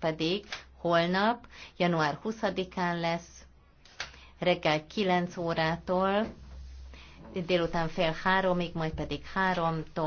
pedig holnap, január 20-án lesz, reggel 9 órától, délután fél háromig, majd pedig háromtól.